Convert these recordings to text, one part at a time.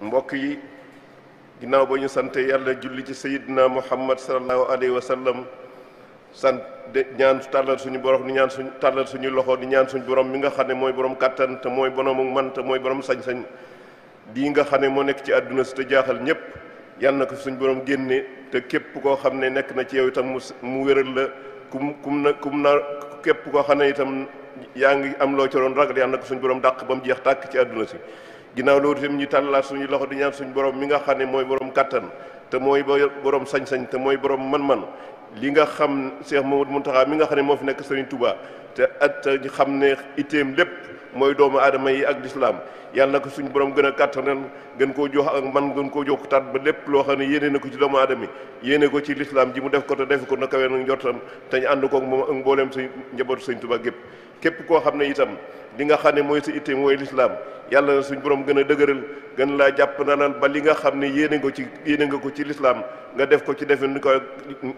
mbokk yi ginnaaw ba ñu sante yàlla julli ci sayidina muhammad sallallahu alayhi wa sallam sant de ñaan tàllal suñu borom ni ñaan suñu tàllal suñu loxo di ñaan suñu borom mi nga xam ne mooy borom kàttan te mooy borom man te mooy borom sañ-sañ di nga xam ne moo nekk ci àdduna si te jaaxal ñëpp yal na ko suñu borom génne te képp koo xam ne nekk na ci yow itam mu wéral la kum kum na kum na képp koo xam ne itam yaa ngi am loo ci doon ragal yal ko suñu borom dàq ba mu jeex tàkk ci àdduna si. ginnaaw loolu itam ñu tàllalaat suñu loxo di ñaan suñu borom mi nga xam ne mooy borom kattan te mooy borom sañ-sañ te mooy borom man-man li nga xam Cheikh Mamadou Mountakha mi nga xam ne moo fi nekk Serigne Touba te at xam ne itteem lépp mooy doomu aadama yi ak lislaam yàlla na ko suñu borom gën a kattanal gën koo jox ak man gën koo jox tat ba lépp loo xam ne yéene na ko ci doomu aadama yi yéene ko ci lislaam ji mu def ko te def ko na kawe na njortam te ñu ànd koog moom ak mbooleem suñ njabootu sañ Touba gépp képp koo xam ne itam li nga xam ne mooy sa itte mooy lislaam yàlla na suñ borom gën a dëgëral gën laa jàpp na naan ba li nga xam ne yéene nga ci yéene nga ko ci lislaam nga def ko ci defin ko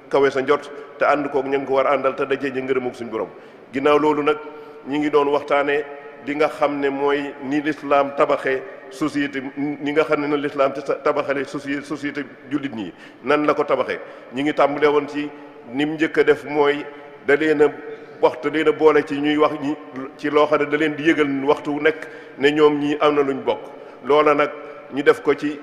kawe sa njot te ànd koog ña ngi ko war àndal te dajee ñi ngërëmug suñ borom ginnaaw nag ñi ngi doon waxtaanee li nga xam ne mooy ni lislaam tabaxee société ñi nga xam ne na lislaam tabaxale société société jullit ñi nan la ko tabaxee ñi ngi tàmbalee woon ci ni mu njëkk a def mooy da leen waxtu leen a boole ci ñuy wax ñi ci loo xam ne da leen di yëgal waxtu wu nekk ne ñoom ñii am na luñ bokk loola nag ñu def ko ci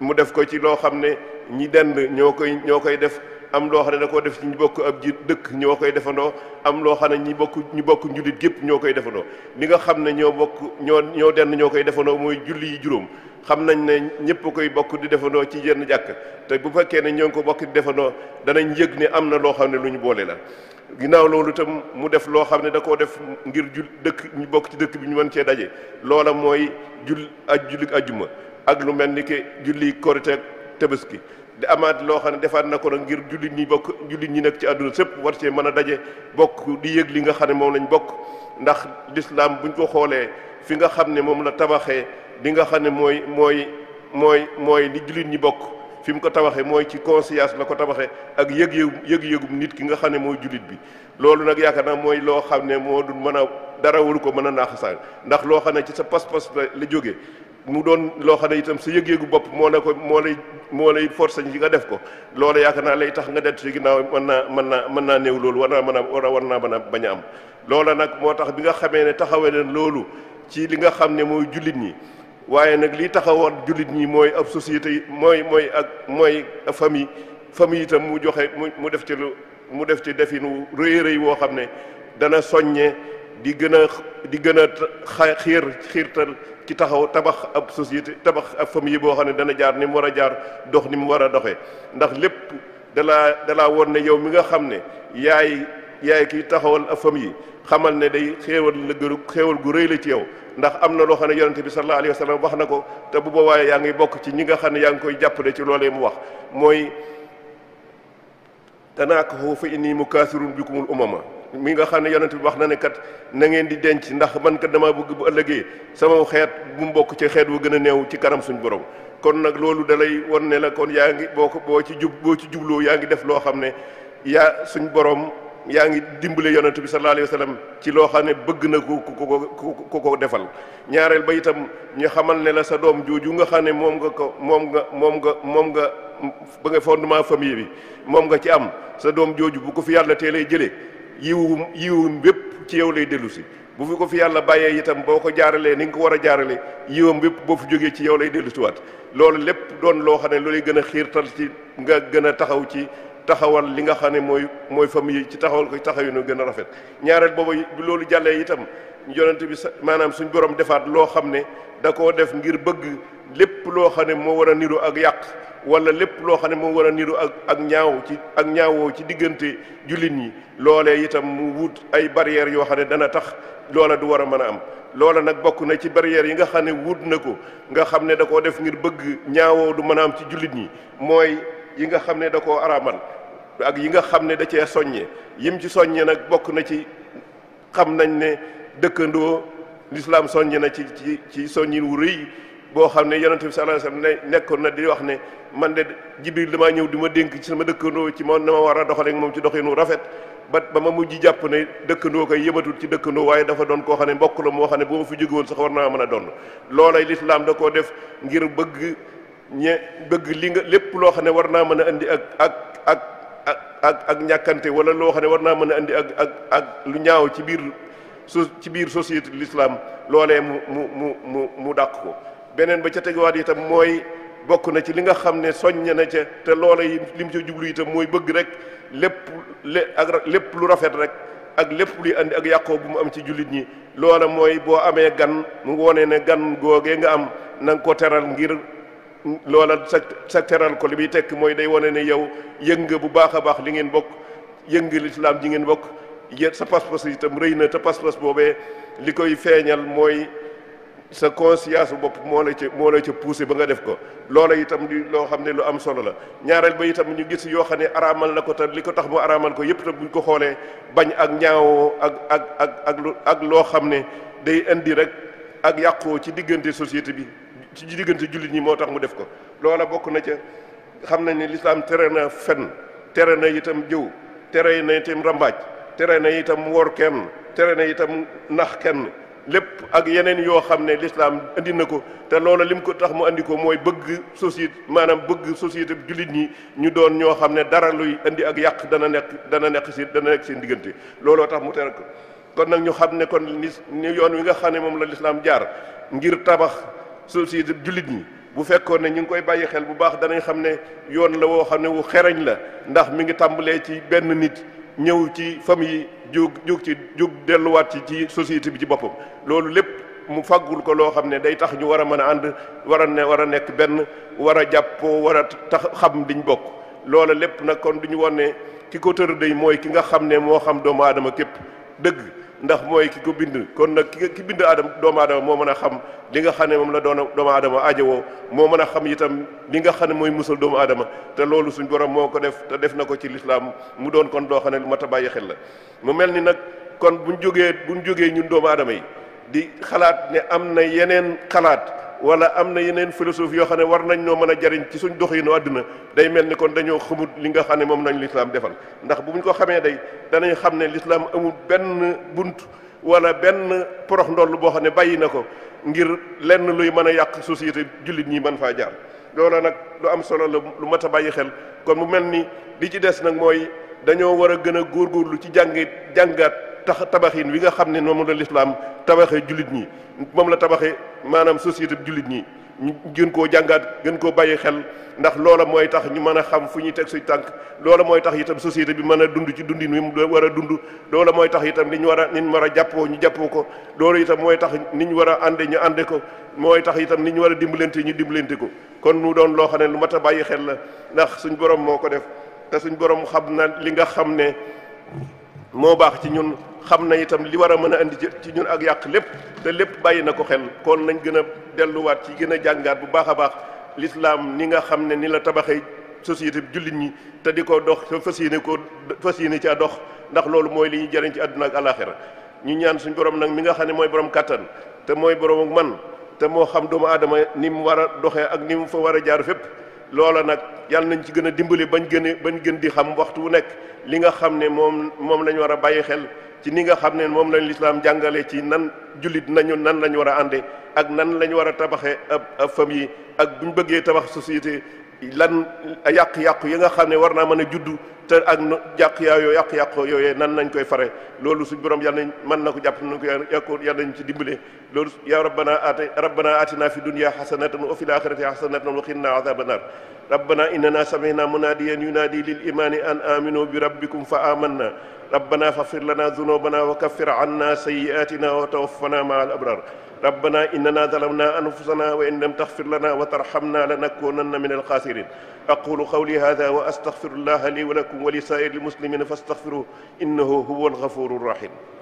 mu def ko ci loo xam ne ñi dend ñoo koy ñoo koy def am loo xam ne da koo def ñu bokk ab ji dëkk ñoo koy defandoo am loo xam ne ñi bokk ñu bokk njullit gépp ñoo koy defandoo li nga xam ne ñoo bokk ñoo ñoo denn ñoo koy defandoo mooy julli yi juróom xam nañ ne ñëpp koy bokk di defandoo ci jenn jàkk te bu fekkee ne ñoo ko bokk defandoo danañ yëg ne am na loo xam ne lu ñu boole la ginnaaw loolu itam mu def loo xam ne da koo def ngir jul dëkk ñu bokk ci dëkk bi ñu mën cee daje loola mooy jul aj julli ajjuma ak lu mel ni que julli korite tabaski di amaat loo xam ne defaat na ko nag ngir jullit ñi bokk jullit ñi nekk ci àdduna sëpp war cee mën a daje bokk di yëg li nga xam ne moom lañ bokk ndax lislaam buñ ko xoolee fi nga xam ne moom la tabaxee li nga xam ne mooy mooy mooy mooy li jullit ñi bokk fi mu ko tabaxee mooy ci conscience la ko tabaxee ak yëg-yëgu yëgum nit ki nga xam ne mooy jullit bi loolu nag yaakaar naa mooy loo xam ne moo du mën a dara ko mën a naaxasaan ndax loo xam ne ci sa pas-pas la mu doon loo xam ne itam sa yëg-yëgu bopp moo la ko moo lay moo lay forcé ñi nga def ko loolu yaakaar naa lay tax nga dett ci ginnaaw mën naa mën naa mën naa néew loolu war naa mën a war naa mën a bañ a am loola nag moo tax bi nga xamee ne taxawee leen loolu ci li nga xam ne mooy jullit ñi waaye nag li taxawal jullit ñi mooy ab société mooy mooy ak mooy famille famille itam mu joxe mu mu def ci lu mu def ci definu rëy rëy woo xam ne dana soññe di gën a di gën a xiir xiirtal ci taxaw tabax ab société tabax ab famille boo xam ne dana jaar ni mu war a jaar dox ni mu war a doxee ndax lépp dalaa dalaa woon ne yow mi nga xam ne yaay yaay kiy taxawal ab famille xamal ne day xéewal la gënu xéewal gu rëy la ci yow ndax am na loo xam ne yonente bi sallallahu alayhi wa sallam wax na ko te bu boobaa yaa ngi bokk ci ñi nga xam ne yaa ngi koy jàppale ci loolee mu wax mooy tanaakahu fa inni mukaasirun bikumul umama mi nga xam ne yonent bi wax na ne kat na ngeen di denc ndax man kat damaa bëgg bu ëllëgee sama xeet bu mu bokk ci xeet wu gën a néew ci kanam suñ borom kon nag loolu da lay wan ne la kon yaa ngi boo ko boo ci jub boo ci jubloo yaa ngi def loo xam ne yaa suñ borom yaa ngi dimbale yonent bi sallallahu alayhi wa sallam ci loo xam ne bëgg na ku ku ko ku ko defal ñaareel ba itam ñu xamal ne la sa doom jooju nga xam ne moom nga ko moom nga moom nga moom nga ba nga fondement famille bi moom nga ci am sa doom jooju bu ko fi yàlla tee lay jëlee yiwu yiwum bépp ci yow lay dellu si bu fi ko fi yàlla bàyyee itam boo ko jaaralee ni nga ko war a jaarale yiwam bépp boo fi jógee ci yow lay dellu siwaat loolu lépp doon loo xam ne lu lay gën a xiirtal ci nga gën a taxaw ci taxawal li nga xam ne mooy mooy famille yi ci taxawal ko taxawinu gën a rafet ñaareel booba bi loolu jàllee itam yonent bi maanaam suñ borom defaat loo xam ne da koo def ngir bëgg lépp loo xam ne moo war a niru ak yàq wala lépp loo xam ne moo war a ak ak ñaaw ci ak ñaawoo ci diggante jullit ñi loolee itam wut ay barrières yoo xam ne dana tax loola du war a mën a am loola nag bokk na ci barrières yi nga xam ne wut na ko nga xam ne da koo def ngir bëgg ñaawoo du mën a am ci jullit ñi mooy yi nga xam ne da koo araamal ak yi nga xam ne da cee soññe yim ci soññe nag bokk na ci xam nañ ne dëkkandoo lislaam soññe na ci ci ci soññin wu rëy boo xam ne yonente bi sallallahu alayhi wasallam nekkoon na di wax ne man de jibril damaa ñëw di ma dénk ci sama dëkkandoo ci ma na ma war a doxaleeg moom ci doxinu rafet ba ba ma mujj jàpp ne dëkkandoo koy yëbatul ci dëkkandoo waaye dafa doon koo xam ne mbokk la moo xam ne bu ma fi jóge sax war naa mën a doon loolay lislaam da koo def ngir bëgg ñe bëgg li nga lépp loo xam ne war naa mën a indi ak ak ak ak ak ñàkkante wala loo xam ne war naa mën a indi ak ak ak lu ñaaw ci biir su ci biir société de l'islam loolee mu mu mu mu mu dàq ko beneen ba ca tegewaat itam mooy bokk na ci li nga xam ne soññ na ca te loola yi li mu ca jublu itam mooy bëgg rek lépp le lépp lu rafet rek ak lépp luy andi ak yàqoo bu mu am ci jullit ñi loole mooy boo amee gan mu wone ne gan googee nga am na ko teral ngir loola sa sa teral ko li muy tekk mooy day wane ne yow yëng nga bu baax a baax li ngeen bokk yëng nga lislaam ji ngeen bokk yéen sa pas-pas itam rëy na te pas-pas boobee li koy feeñal mooy sa conscience bopp moo la ca moo la ca poussé ba nga def ko loola itam di loo xam ne lu am solo la ñaareel ba itam ñu gis yoo xam ne araamal na ko te li ko tax mu araamal ko yëpp te buñ ko xoolee bañ ak ñaawoo ak ak ak ak loo xam ne day indi rek ak yàqoo ci diggante société bi ci diggante jullit ñi moo tax mu def ko loola bokk na ca xam nañ ne lislaam tere na fen tere na itam jëw tere na itam rambaaj tere na itam wor kenn tere na itam nax kenn lépp ak yeneen yoo xam ne lislaam indi na ko te loola lim ko tax mu indi ko mooy bëgg société maanaam bëgg société jullit ñi ñu doon ñoo xam ne dara luy indi ak yàq dana nekk dana nekk si dana nekk seen diggante looloo tax mu tere ko kon nag ñu xam ne kon ni yoon wi nga xam ne moom la lislaam jaar ngir tabax société jullit ñi bu fekkoon ne ñu ngi koy bàyyi xel bu baax danañ xam ne yoon la woo xam ne wu xereñ la ndax mi ngi tàmbalee ci benn nit ñëw ci fami yi jóg jóg ci jóg delluwaat ci ci société bi ci boppam loolu lépp mu faggul ko loo xam ne day tax ñu war a mën a ànd war a ne war a nekk benn war a jàppoo war a tax xam diñ bokk loolu lépp nag kon du ñu won ne ki ko tër day mooy ki nga xam ne moo xam doomu aadama képp dëgg ndax mooy ki ko bind kon nag ki ki bind aadama doomu aadama moo mën a xam li nga xam ne moom la doon doomu adama aajowoo moo mën a xam itam li nga xam ne mooy musal doomu aadama te loolu suñ borom moo ko def te def na ko ci lislaam mu doon kon loo xam ne lu mat a bàyyi xel la mu mel ni nag kon buñ jógee buñ jógee ñun doomu aadama yi di xalaat ne am na yeneen xalaat wala am na yeneen philosophe yoo xam ne war nañ noo mën a jariñ ci suñ doxinu àdduna day mel ni kon dañoo xamut li nga xam ne moom nañ lislaam defal ndax bu ñu ko xamee day danañ xam ne lislaam amul benn bunt wala benn porox ndoll boo xam ne bàyyi na ko ngir lenn luy mën a yàq société jullit ñi mën faa jaar loola nag lu am solo la lu mat a bàyyi xel kon mu mel nii li ci des nag mooy dañoo war a gën a góor góorgóorlu ci jàngit jàngaat tax tabax tabaxin wi nga xam ne moom la lislaam tabaxee jullit ñi moom la tabaxee maanaam societé bi jullit ñi ñu gën koo jàngaat gën koo bàyyi xel ndax loola mooy tax ñu mën a xam fu ñuy teg suñ tànk loola mooy tax itam société bi mën a dund ci dundin wi mu war a dund loola mooy tax itam li ñu war a ni ñu war a jàppoo ñu jàppoo ko loolu itam mooy tax ni ñu war a ànde ñu ànde ko mooy tax itam ni ñu war a dimbalante ñu dimbalante ko kon mu doon loo xam ne lu mat a bàyyi xel la ndax suñ borom moo ko def te suñ borom xam na li nga xam ne moo baax ci ñun xam na itam li war a mën a andi ci ñun ak yàq lépp te lépp bàyyi na ko xel kool nañ gën a delluwaat ci gën a jàngaat bu baax a baax lislaam ni nga xam ne ni la tabaxee société bi jullit ñi te di ko dox te fas yéene ko fas yéene caa dox ndax loolu mooy li ñu jëriñ ci àdduna ak alaxira ñu ñaan suñu borom nag mi nga xam ne mooy borom kàttan te mooy borom ak man te moo xam doomu aadama ni mu war a doxee ak ni mu fa war a jaar fépp loola nag yàlla nañ ci gën a dimbali bañ gën a bañ gën di xam waxtu wu nekk li nga xam ne moom moom lañ war a bàyyi xel ci ni nga xam ne moom lañ lislaam jàngale ci nan jullit nañu nan lañ war a àndee ak nan lañ war a tabaxe ab ab famille ak buñ bëggee tabax société lan yàq-yàq yi nga xam ne war naa mën a juddu te ak jàq yaa yoo yàq-yàq yooyee nan nañ koy fare loolu suñ borom yal nañ mën na ko jàpp nañ ko yàqoo yal nañ ci dimbale loolu yaa rabbana aati rabbana atina fi dunya hasanatan wa fil akhirati hasanatan wa qina adhaban nar rabbana innana sami'na munadiyan yunadi lil imani an aminu bi rabbikum fa amanna ربنا فاغفر لنا ذنوبنا وكفر عنا سيئاتنا وتوفنا مع الأبرار ربنا إننا ظلمنا أنفسنا وإن لم تغفر لنا وترحمنا لنكونن من الخاسرين أقول قولي هذا وأستغفر الله لي ولكم ولسائر المسلمين فاستغفروه إنه هو الغفور الرحيم